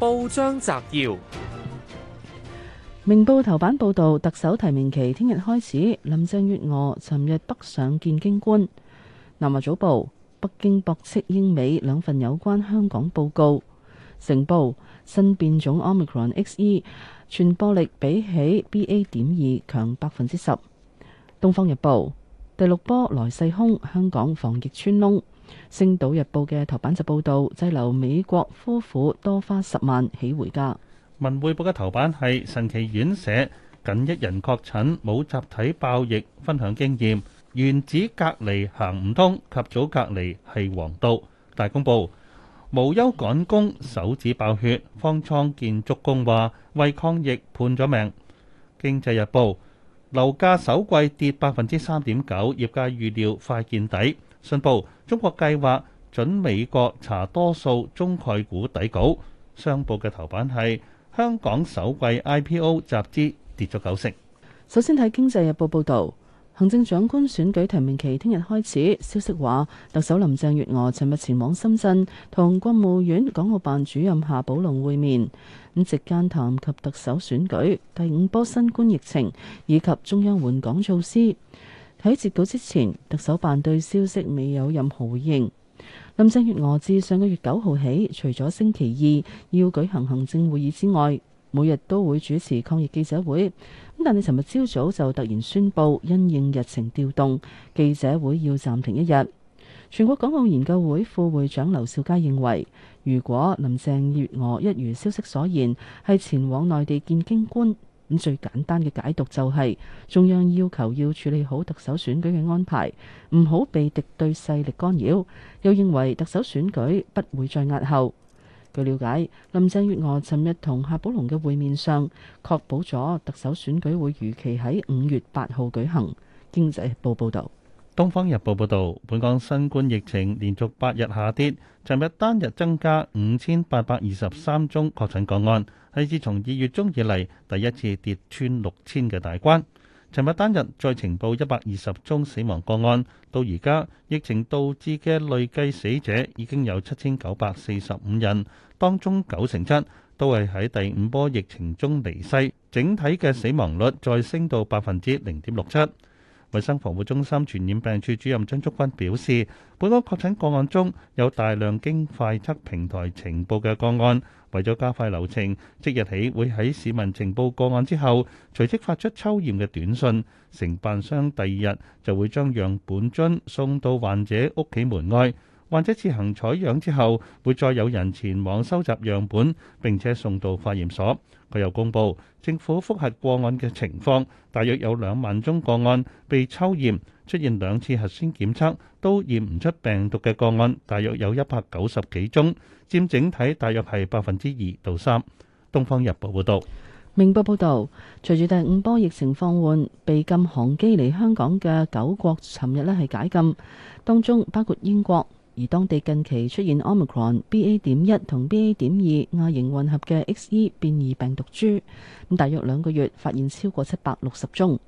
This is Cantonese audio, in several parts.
報章摘要：明報頭版報道，特首提名期聽日開始。林鄭月娥尋日北上見京官。南華早報：北京駁斥英美兩份有關香港報告。成報：新變種 omicron XE 傳播力比起 BA. 點二強百分之十。東方日報：第六波來勢兇，香港防疫穿窿。星島日報嘅頭版就報道滯留美國夫婦多花十萬起回家。文匯報嘅頭版係神奇院舍，僅一人確診冇集體爆疫，分享經驗。原子隔離行唔通，及早隔離係黃道。大公報無憂趕工，手指爆血。方艙建築工話為抗疫判咗命。經濟日報樓價首季跌百分之三點九，業界預料快見底。信報。中國計劃准美國查多數中概股底稿。商報嘅頭版係香港首季 IPO 集資跌咗九成。首先睇經濟日報報導，行政長官選舉提名期聽日開始。消息話，特首林鄭月娥尋日前往深圳同國務院港澳辦主任夏寶龍會面，咁席間談及特首選舉、第五波新冠疫情以及中央援港措施。喺截稿之前，特首辦對消息未有任何回應。林鄭月娥自上個月九號起，除咗星期二要舉行行政會議之外，每日都會主持抗疫記者會。咁但係，尋日朝早就突然宣布，因應日程調動，記者會要暫停一日。全國港澳研究會副會長劉兆佳認為，如果林鄭月娥一如消息所言，係前往內地見京官。咁最簡單嘅解讀就係，中央要求要處理好特首選舉嘅安排，唔好被敵對勢力干擾。又認為特首選舉不會再押後。據了解，林鄭月娥尋日同夏寶龍嘅會面上，確保咗特首選舉會如期喺五月八號舉行。經濟報報導。《東方日報》報導，本港新冠疫情連續八日下跌，尋日單日增加五千八百二十三宗確診個案，係自從二月中以嚟第一次跌穿六千嘅大關。尋日單日再呈報一百二十宗死亡個案，到而家疫情導致嘅累計死者已經有七千九百四十五人，當中九成七都係喺第五波疫情中離世，整體嘅死亡率再升到百分之零點六七。衛生防護中心傳染病處主任張竹君表示，本港確診個案中有大量經快測平台呈報嘅個案，為咗加快流程，即日起會喺市民呈報個案之後，隨即發出抽驗嘅短信，承辦商第二日就會將樣本樽送到患者屋企門外。患者自行採樣之後，會再有人前往收集樣本，並且送到化驗所。佢又公布政府複核個案嘅情況，大約有兩萬宗個案被抽驗，出現兩次核酸檢測都驗唔出病毒嘅個案，大約有一百九十幾宗，佔整體大約係百分之二到三。《東方日報》報道，《明報》報道，隨住第五波疫情放緩，被禁航機嚟香港嘅九國，尋日咧係解禁，當中包括英國。而當地近期出現 Omicron BA. 點一同 BA. 點二亞型混合嘅 XE 變異病毒株，咁大約兩個月發現超過七百六十宗。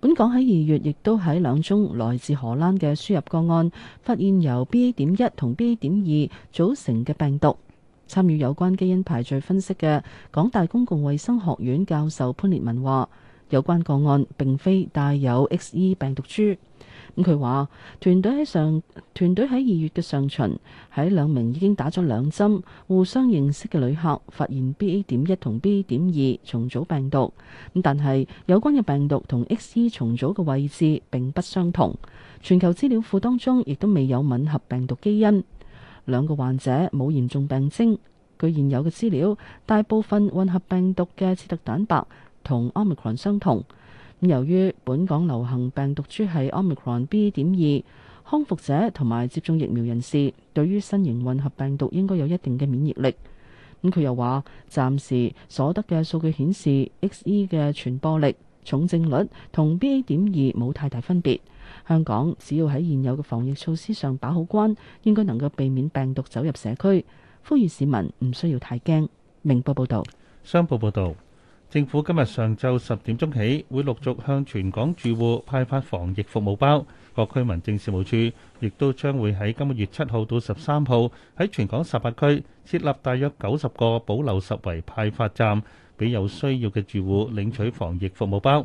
本港喺二月亦都喺兩宗來自荷蘭嘅輸入個案，發現由 BA. 點一同 BA. 點二組成嘅病毒。參與有關基因排序分析嘅港大公共衛生學院教授潘烈文話：有關個案並非帶有 XE 病毒株。咁佢話團隊喺上團隊喺二月嘅上旬，喺兩名已經打咗兩針、互相認識嘅旅客發現 BA.1 同 BA.2 重組病毒。咁但係有關嘅病毒同 XE 重組嘅位置並不相同。全球資料庫當中亦都未有吻合病毒基因。兩個患者冇嚴重病徵。據現有嘅資料，大部分混合病毒嘅刺突蛋白同 Omicron 相同。由於本港流行病毒株係 omicron B. 點二，康復者同埋接種疫苗人士對於新型混合病毒應該有一定嘅免疫力。咁、嗯、佢又話，暫時所得嘅數據顯示 X.E 嘅傳播力、重症率同 B.A. 點二冇太大分別。香港只要喺現有嘅防疫措施上把好關，應該能夠避免病毒走入社區。呼籲市民唔需要太驚。明報報道。商報報導。政府今日上晝十點鐘起，會陸續向全港住戶派發防疫服務包。各區民政事務處亦都將會喺今個月七號到十三號，喺全港十八區設立大約九十個保留實圍派發站，俾有需要嘅住戶領取防疫服務包。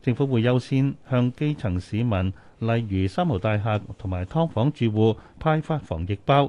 政府會優先向基層市民，例如三無大廈同埋劏房住戶派發防疫包。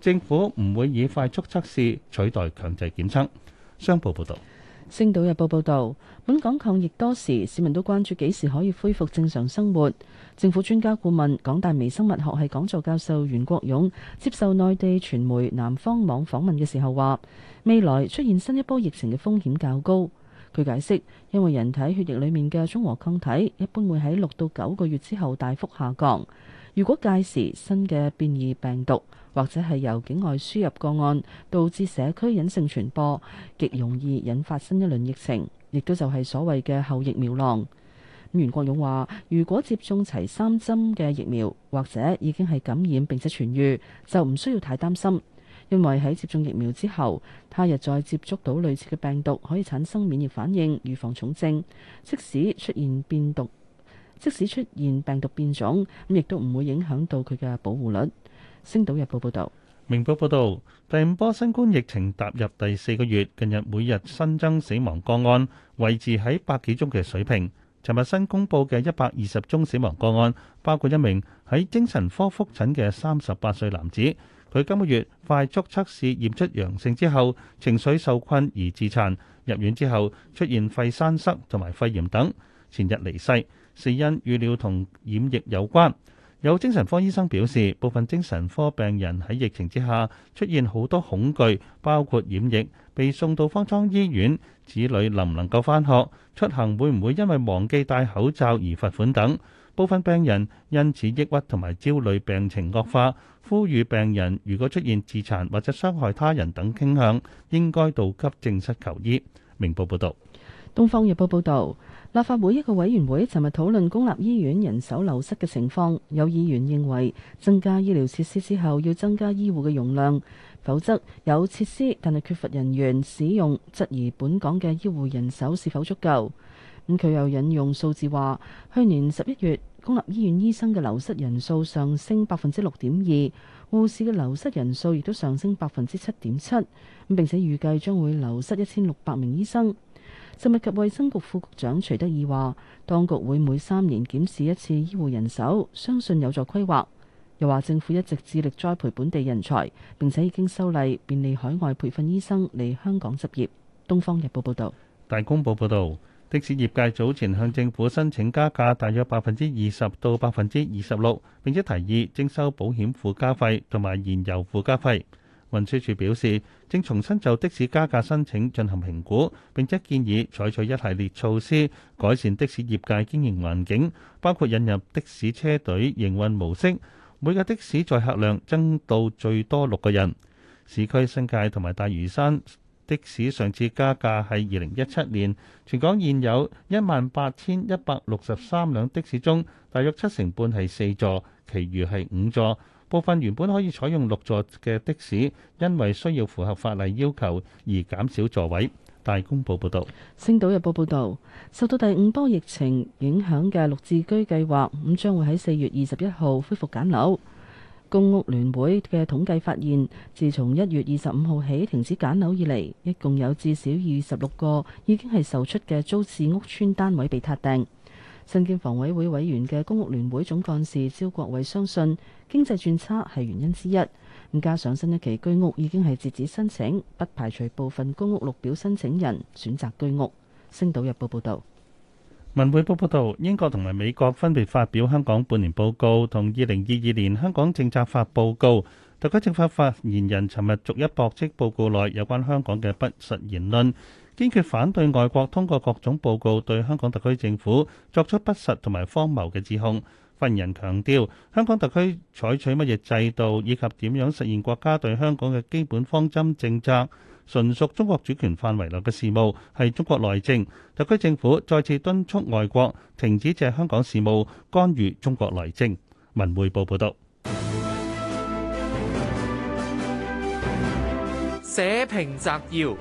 政府唔會以快速測試取代強制檢測。商報報導，《星島日報》報道，本港抗疫多時，市民都關注幾時可以恢復正常生活。政府專家顧問、港大微生物學系講座教授袁國勇接受內地傳媒南方網訪問嘅時候話：未來出現新一波疫情嘅風險較高。佢解釋，因為人體血液裡面嘅中和抗體一般會喺六到九個月之後大幅下降。如果屆時新嘅變異病毒或者係由境外輸入個案導致社區隱性傳播，極容易引發新一輪疫情，亦都就係所謂嘅後疫苗浪。袁國勇話：如果接種齊三針嘅疫苗，或者已經係感染並且痊癒，就唔需要太擔心，因為喺接種疫苗之後，他日再接觸到類似嘅病毒，可以產生免疫反應，預防重症，即使出現變毒。即使出現病毒變種，咁亦都唔會影響到佢嘅保護率。《星島日報》報道。《明報》報道，第五波新冠疫情踏入第四個月，近日每日新增死亡個案維持喺百幾宗嘅水平。尋日新公佈嘅一百二十宗死亡個案，包括一名喺精神科覆診嘅三十八歲男子，佢今個月快速測試驗出陽性之後，情緒受困而自殘，入院之後出現肺栓塞同埋肺炎等，前日離世。死因預料同染疫有關。有精神科醫生表示，部分精神科病人喺疫情之下出現好多恐懼，包括染疫、被送到方艙醫院、子女能唔能夠返學、出行會唔會因為忘記戴口罩而罰款等。部分病人因此抑鬱同埋焦慮，病情惡化。呼籲病人如果出現自殘或者傷害他人等傾向，應該到急症室求醫。明報報道。東方日報報道。立法會一個委員會尋日討論公立醫院人手流失嘅情況，有議員認為增加醫療設施之後要增加醫護嘅容量，否則有設施但係缺乏人員使用，質疑本港嘅醫護人手是否足夠。咁佢又引用數字話，去年十一月公立醫院醫生嘅流失人數上升百分之六點二，護士嘅流失人數亦都上升百分之七點七，咁並且預計將會流失一千六百名醫生。食物及衛生局副局長徐德義話，當局會每三年檢視一次醫護人手，相信有助規劃。又話政府一直致力栽培本地人才，並且已經修例便利海外培訓醫生嚟香港執業。《東方日報》報道，《大公報》報道，的士業界早前向政府申請加價大約百分之二十到百分之二十六，並且提議徵收保險附加費同埋燃油附加費。運輸署表示，正重新就的士加價申請進行評估，並且建議採取一系列措施改善的士業界經營環境，包括引入的士車隊營運模式，每個的士載客量增到最多六個人。市區新界同埋大嶼山的士上次加價係二零一七年。全港現有一萬八千一百六十三輛的士中，大約七成半係四座，其餘係五座。部分原本可以採用六座嘅的，的士，因為需要符合法例要求而減少座位。大公報報道，星島日報報道，受到第五波疫情影響嘅綠置居計劃，咁將會喺四月二十一號恢復揀樓。公屋聯會嘅統計發現，自從一月二十五號起停止揀樓以嚟，一共有至少二十六個已經係售出嘅租置屋邨單位被撻訂。身兼房委會委員嘅公屋聯會總幹事招國偉相信經濟轉差係原因之一，咁加上新一期居屋已經係截止申請，不排除部分公屋錄表申請人選擇居屋。星島日報報道，文匯報報道，英國同埋美國分別發表香港半年報告同二零二二年香港政策法報告，特區政府發言人尋日逐一駁斥報告內有關香港嘅不實言論。堅決反對外國通過各種報告對香港特區政府作出不實同埋荒謬嘅指控。發言人強調，香港特區採取乜嘢制度以及點樣實現國家對香港嘅基本方針政策，純屬中國主權範圍內嘅事務，係中國內政。特區政府再次敦促外國停止借香港事務干預中國內政。文匯報報道。社評摘要。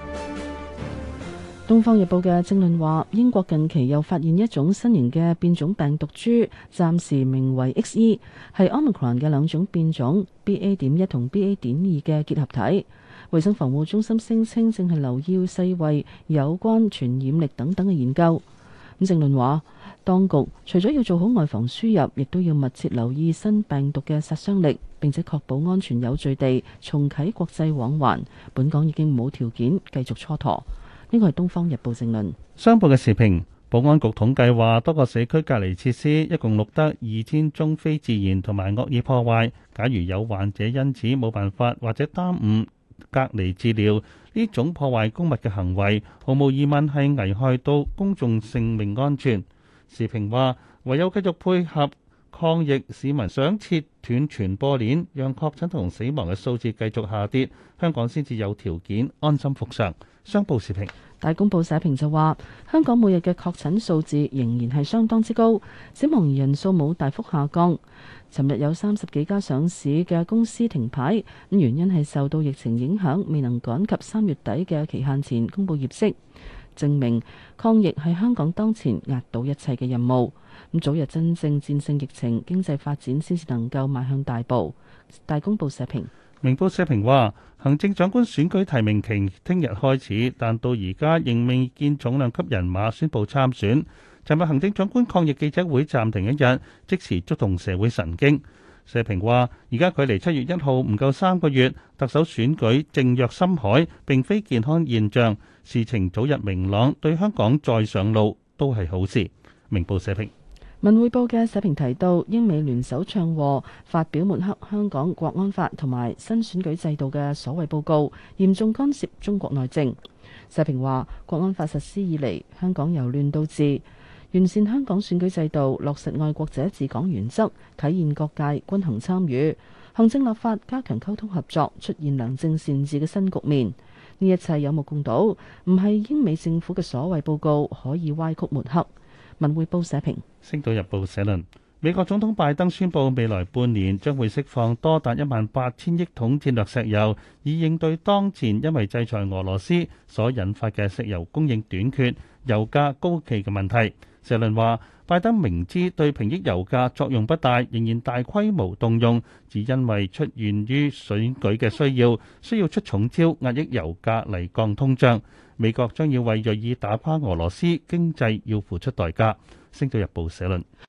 《東方日報》嘅正論話，英國近期又發現一種新型嘅變種病毒株，暫時名為 X.E，係 Omicron 嘅兩種變種 B.A. 點一同 B.A. 點二嘅結合體。衞生防護中心聲稱正係留意世衞有關傳染力等等嘅研究。咁正論話，當局除咗要做好外防輸入，亦都要密切留意新病毒嘅殺傷力，並且確保安全有序地重啟國際往環。本港已經冇條件繼續蹉跎。呢個係《東方日報正論》評論。商報嘅時評，保安局統計話，多個社區隔離設施一共錄得二千宗非自然同埋惡意破壞。假如有患者因此冇辦法或者耽誤隔離治療，呢種破壞公物嘅行為，毫無疑問係危害到公眾性命安全。時評話，唯有繼續配合抗疫市民想切斷傳播鏈，讓確診同死亡嘅數字繼續下跌，香港先至有條件安心復常。商報時評大公報社評就話：香港每日嘅確診數字仍然係相當之高，死亡人數冇大幅下降。尋日有三十幾家上市嘅公司停牌，原因係受到疫情影響，未能趕及三月底嘅期限前公布業績。證明抗疫係香港當前壓倒一切嘅任務。咁早日真正戰勝疫情，經濟發展先至能夠邁向大步。大公報社評，明報社評話，行政長官選舉提名期聽日開始，但到而家仍未見重量級人馬宣佈參選。尋日行政長官抗疫記者會暫停一日，即時觸動社會神經。社評話：而家距離七月一號唔夠三個月，特首選舉靜若深海，並非健康現象。事情早日明朗，對香港再上路都係好事。明報社評，文匯報嘅社評提到，英美聯手唱和，發表抹黑香港國安法同埋新選舉制度嘅所謂報告，嚴重干涉中國內政。社評話：國安法實施以嚟，香港由亂到治。完善香港選舉制度，落實愛國者治港原則，體現各界均衡參與，行政立法加強溝通合作，出現良政善治嘅新局面。呢一切有目共睹，唔係英美政府嘅所謂報告可以歪曲抹黑。文匯報社評，星島日報社論：美國總統拜登宣布，未來半年將會釋放多達一萬八千億桶戰略石油，以應對當前因為制裁俄羅斯所引發嘅石油供應短缺、油價高企嘅問題。社論話，拜登明知對平抑油價作用不大，仍然大規模動用，只因為出現於選舉嘅需要，需要出重招壓抑油價嚟降通脹。美國將要為銳意打垮俄羅斯經濟要付出代價。《星島日報》社論。